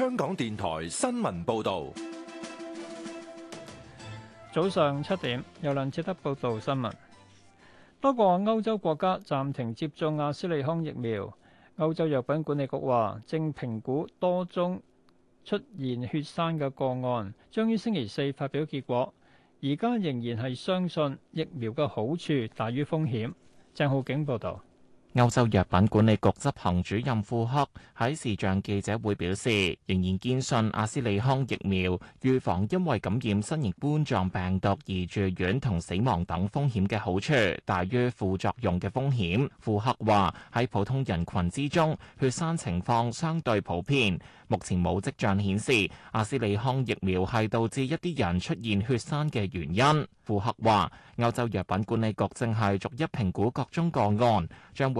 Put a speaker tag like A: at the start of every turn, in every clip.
A: 香港電台新聞報道，早上七點，有梁哲德報道新聞。多個歐洲國家暫停接種阿斯利康疫苗。歐洲藥品管理局話，正評估多宗出現血栓嘅個案，將於星期四發表結果。而家仍然係相信疫苗嘅好處大於風險。鄭浩景報道。
B: 歐洲藥品管理局執行主任庫克喺視像記者會表示，仍然堅信阿斯利康疫苗預防因為感染新型冠狀病毒而住院同死亡等風險嘅好處，大於副作用嘅風險。庫克話喺普通人群，之中，血栓情況相對普遍，目前冇跡象顯示阿斯利康疫苗係導致一啲人出現血栓嘅原因。庫克話，歐洲藥品管理局正係逐一評估各種個案，將會。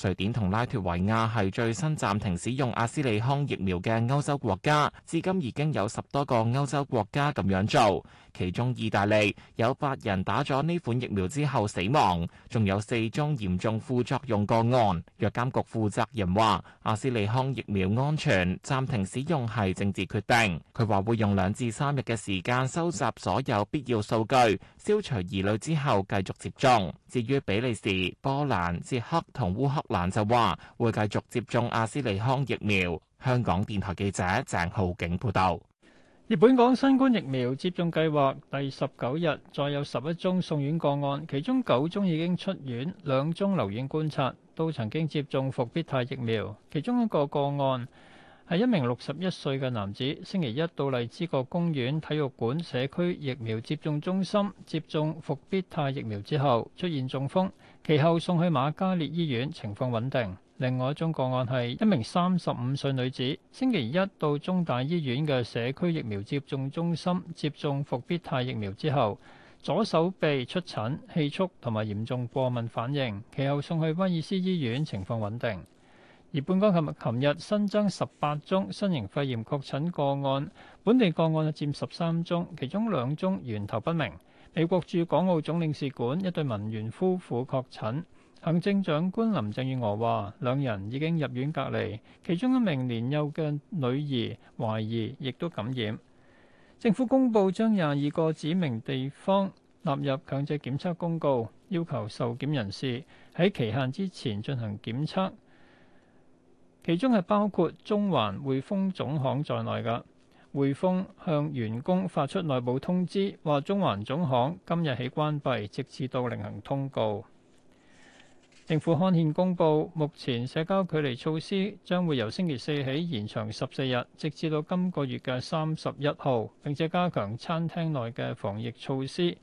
B: 瑞典同拉脱維亞係最新暫停使用阿斯利康疫苗嘅歐洲國家，至今已經有十多個歐洲國家咁樣做。其中意大利有八人打咗呢款疫苗之後死亡，仲有四宗嚴重副作用個案。藥監局負責人話，阿斯利康疫苗安全，暫停使用係政治決定。佢話會用兩至三日嘅時間收集所有必要數據，消除疑慮之後繼續接種，至於比利時波蘭、捷克同烏克蘭就話會繼續接種阿斯利康疫苗。香港電台記者鄭浩景報道。
A: 而本港新冠疫苗接種計劃第十九日，再有十一宗送院個案，其中九宗已經出院，兩宗留院觀察，都曾經接種復必泰疫苗。其中一個個案係一名六十一歲嘅男子，星期一到荔枝角公園體育館社區疫苗接種中心接種復必泰疫苗之後，出現中風，其後送去瑪嘉烈醫院，情況穩定。另外一宗個案係一名三十五歲女子，星期一到中大醫院嘅社區疫苗接種中心接種復必泰疫苗之後，左手臂出疹、氣促同埋嚴重過敏反應，其後送去威爾斯醫院，情況穩定。而本港琴日琴日新增十八宗新型肺炎確診個案，本地個案佔十三宗，其中兩宗源頭不明。美國駐港澳總領事館一對文員夫婦確診。行政長官林鄭月娥話：兩人已經入院隔離，其中一名年幼嘅女兒懷疑亦都感染。政府公布將廿二個指明地方納入強制檢測公告，要求受檢人士喺期限之前進行檢測。其中係包括中環匯豐總行在內嘅。匯豐向員工發出內部通知，話中環總行今日起關閉，直至到另行通告。政府刊憲公布，目前社交距離措施將會由星期四起延長十四日，直至到今個月嘅三十一號，並且加強餐廳內嘅防疫措施。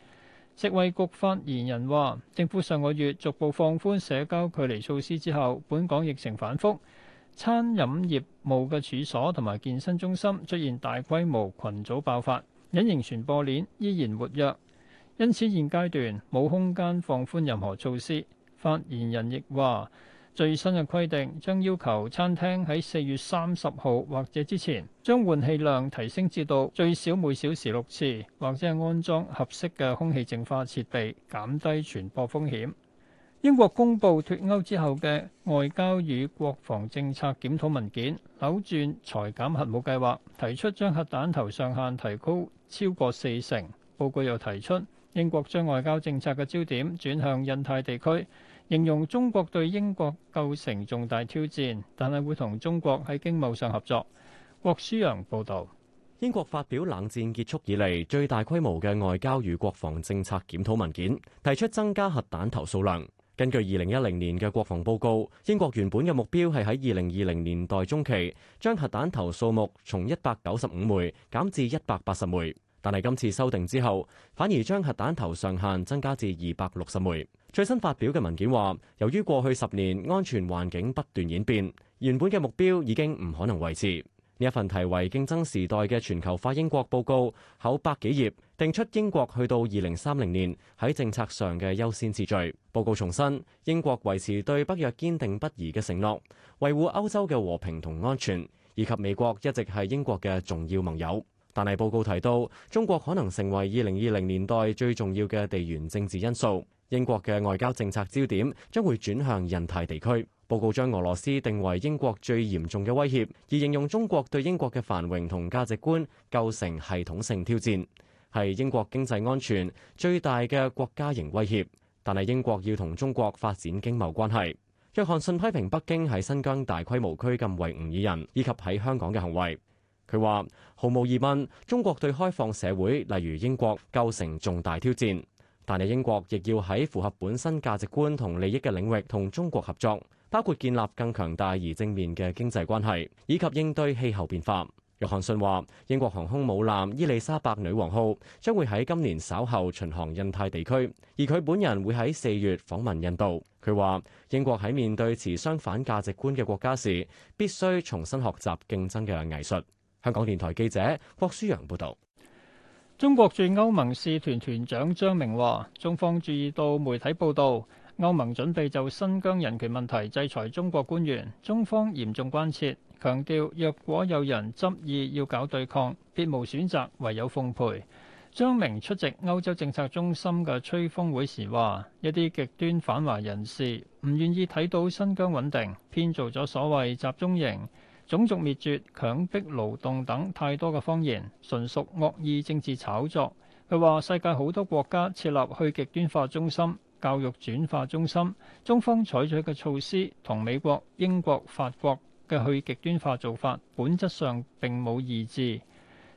A: 食衞局發言人話，政府上個月逐步放寬社交距離措施之後，本港疫情反覆，餐飲業務嘅處所同埋健身中心出現大規模群組爆發，隱形傳播鏈依然活躍，因此現階段冇空間放寬任何措施。發言人亦話：最新嘅規定將要求餐廳喺四月三十號或者之前，將換氣量提升至到最少每小時六次，或者係安裝合適嘅空氣淨化設備，減低傳播風險。英國公佈脱歐之後嘅外交與國防政策檢討文件，扭轉裁減核武計劃，提出將核彈頭上限提高超過四成。報告又提出，英國將外交政策嘅焦點轉向印太地區。形容中國對英國構成重大挑戰，但係會同中國喺經貿上合作。郭舒陽報導，英國發表冷戰結束以嚟最大規
C: 模嘅外交與國防政策檢討文件，提出增加核彈頭數量。根據二零一零年嘅國防報告，英國原本嘅目標係喺二零二零年代中期將核彈頭數目從一百九十五枚減至一百八十枚，但係今次修訂之後，反而將核彈頭上限增加至二百六十枚。最新發表嘅文件話，由於過去十年安全環境不斷演變，原本嘅目標已經唔可能維持。呢一份題為《競爭時代嘅全球化英國報告》，厚百幾頁，定出英國去到二零三零年喺政策上嘅優先次序。報告重申英國維持對北約堅定不移嘅承諾，維護歐洲嘅和平同安全，以及美國一直係英國嘅重要盟友。但係報告提到，中國可能成為二零二零年代最重要嘅地緣政治因素。英國嘅外交政策焦點將會轉向印太地區。報告將俄羅斯定為英國最嚴重嘅威脅，而形容中國對英國嘅繁榮同價值觀構成系統性挑戰，係英國經濟安全最大嘅國家型威脅。但係英國要同中國發展經貿關係。約翰遜批評北京喺新疆大規模拘禁維吾爾人，以及喺香港嘅行為。佢話：毫無疑問，中國對開放社會，例如英國，構成重大挑戰。但係英國亦要喺符合本身價值觀同利益嘅領域同中國合作，包括建立更強大而正面嘅經濟關係，以及應對氣候變化。約翰遜話英國航空母艦伊麗莎白女王號將會喺今年稍後巡航印太地區，而佢本人會喺四月訪問印度。佢話英國喺面對持相反價值觀嘅國家時必須重新學習
A: 競爭嘅藝術。香港電台記者郭舒陽報道。中國駐歐盟使團團長張明話：中方注意到媒體報道，歐盟準備就新疆人權問題制裁中國官員，中方嚴重關切，強調若果有人執意要搞對抗，別無選擇，唯有奉陪。張明出席歐洲政策中心嘅吹風會時話：一啲極端反華人士唔願意睇到新疆穩定，編造咗所謂集中營。種族滅絕、強迫勞動等太多嘅謊言，純屬惡意政治炒作。佢話：世界好多國家設立去極端化中心、教育轉化中心，中方採取嘅措施同美國、英國、法國嘅去極端化做法，本質上並冇異志。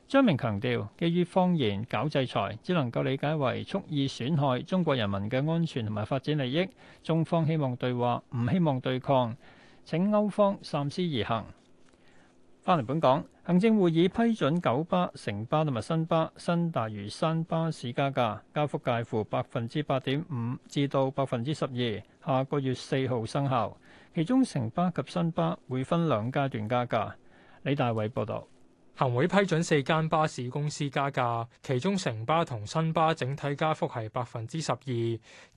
A: 張明強調，基於謊言搞制裁，只能夠理解為蓄意損害中國人民嘅安全同埋發展利益。中方希望對話，唔希望對抗。請歐方三思而行。翻嚟本港，行政會議批准九巴、城巴同埋新巴、新大嶼山巴士加價，加幅介乎百分之八點五至到百分之十二，下個月四號生效。其中城巴及新巴會分兩階段加價。李大偉報道。行會批准四間巴士公司加價，其中城巴
D: 同新巴整體加幅係百分之十二，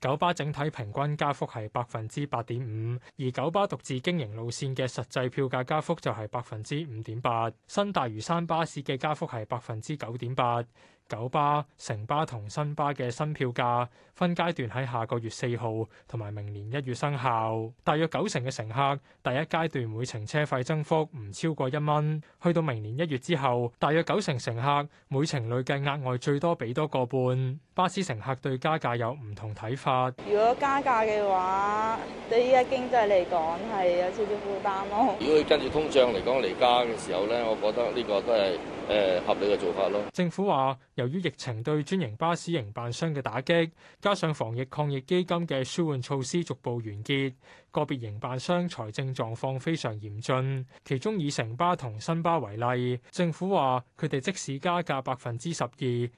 D: 九巴整體平均加幅係百分之八點五，而九巴獨自經營路線嘅實際票價加幅就係百分之五點八，新大嶼山巴士嘅加幅係百分之九點八。九巴、城巴同新巴嘅新票價分階段喺下個月四號同埋明年一月生效，大約九成嘅乘客第一階段每程車費增幅唔超過一蚊，去到明年一月之後，大約九成乘客每程累計額外最多俾多個半。巴士乘客對加價有唔同睇法。如果加價嘅話，對依家經濟嚟講係有少少負擔咯。如果佢跟住通脹嚟講嚟加
C: 嘅時候咧，我覺得呢個都係誒合理嘅做法咯。
D: 政府話。由於疫情對專營巴士營辦商嘅打擊，加上防疫抗疫基金嘅舒緩措施逐步完結，個別營辦商財政狀況非常嚴峻。其中以城巴同新巴為例，政府話佢哋即使加價百分之十二，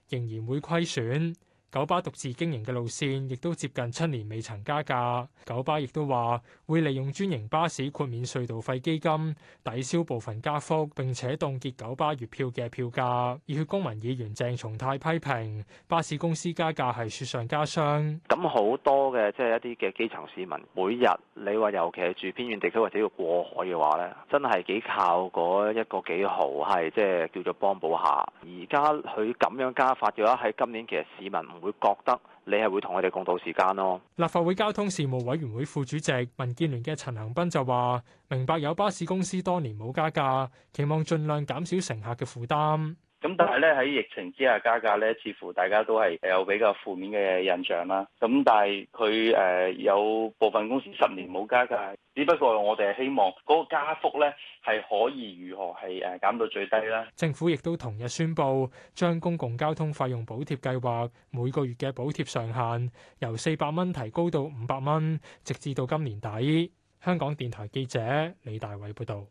D: 仍然會虧損。九巴獨自經營嘅路線，亦都接近七年未曾加價。九巴亦都話會利用專營巴士豁免隧道費基金抵消部分加幅，並且凍結九巴月票嘅票價。熱血公民議員鄭松泰批評巴士公司加價係雪上加霜。
C: 咁好多嘅即係一啲嘅基層市民，每日你話尤其係住偏遠地區或者要過海嘅話咧，真係幾靠嗰一個幾毫係即係叫做幫補下。而家佢咁樣加法嘅話，喺今年其實市民，會覺得你係會同我哋共度時間咯。
D: 立法會交通事務委員會副主席、民建聯嘅陳恒斌就話：明白有巴士公司多年冇加價，期望盡量減少乘客嘅負擔。
C: 咁但係咧，喺疫情之下加價咧，似乎大家都係有比較負面嘅印象啦。咁但係佢誒有部分公司十年冇加價，只不過我哋希望嗰個加幅咧，係可以如何係誒減到最低啦。
D: 政府亦都同日宣布，將公共交通費用補貼計劃每個月嘅補貼上限由四百蚊提高到五百蚊，直至
A: 到今年底。香港電台記者李大偉報道。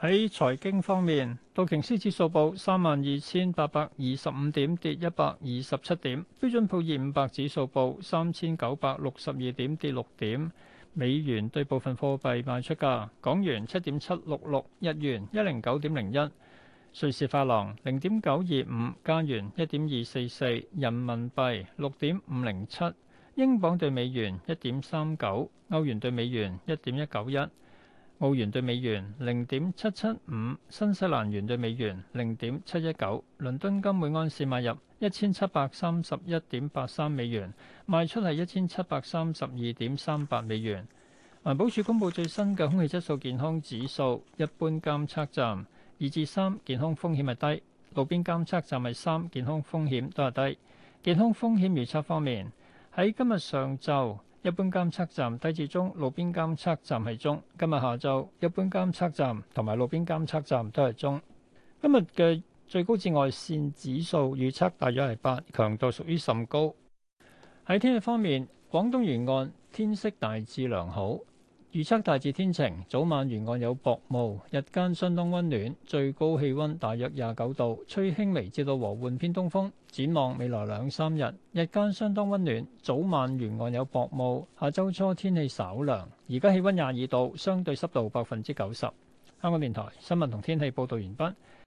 A: 喺財經方面，道瓊斯指數報三萬二千八百二十五點，跌一百二十七點。標準普爾五百指數報三千九百六十二點，跌六點。美元對部分貨幣賣出價：港元七點七六六，日元一零九點零一，瑞士法郎零點九二五，加元一點二四四，人民幣六點五零七，英鎊對美元一點三九，歐元對美元一點一九一。澳元兌美元零點七七五，新西蘭元兌美元零點七一九，倫敦金每安士買入一千七百三十一點八三美元，賣出係一千七百三十二點三八美元。環保署公布最新嘅空氣質素健康指數，一般監測站二至三，3，健康風險係低；路邊監測站係三，健康風險都係低。健康風險預測方面，喺今日上晝。一般監測站低至中，路邊監測站係中。今日下晝，一般監測站同埋路邊監測站都係中。今日嘅最高紫外線指數預測大約係八，強度屬於甚高。喺天氣方面，廣東沿岸天色大致良好。預測大致天晴，早晚沿岸有薄霧，日間相當温暖，最高氣温大約廿九度，吹輕微至到和緩偏東風。展望未來兩三日，日間相當温暖，早晚沿岸有薄霧。下周初天氣稍涼，而家氣温廿二度，相對濕度百分之九十。香港電台新聞同天氣報導完畢。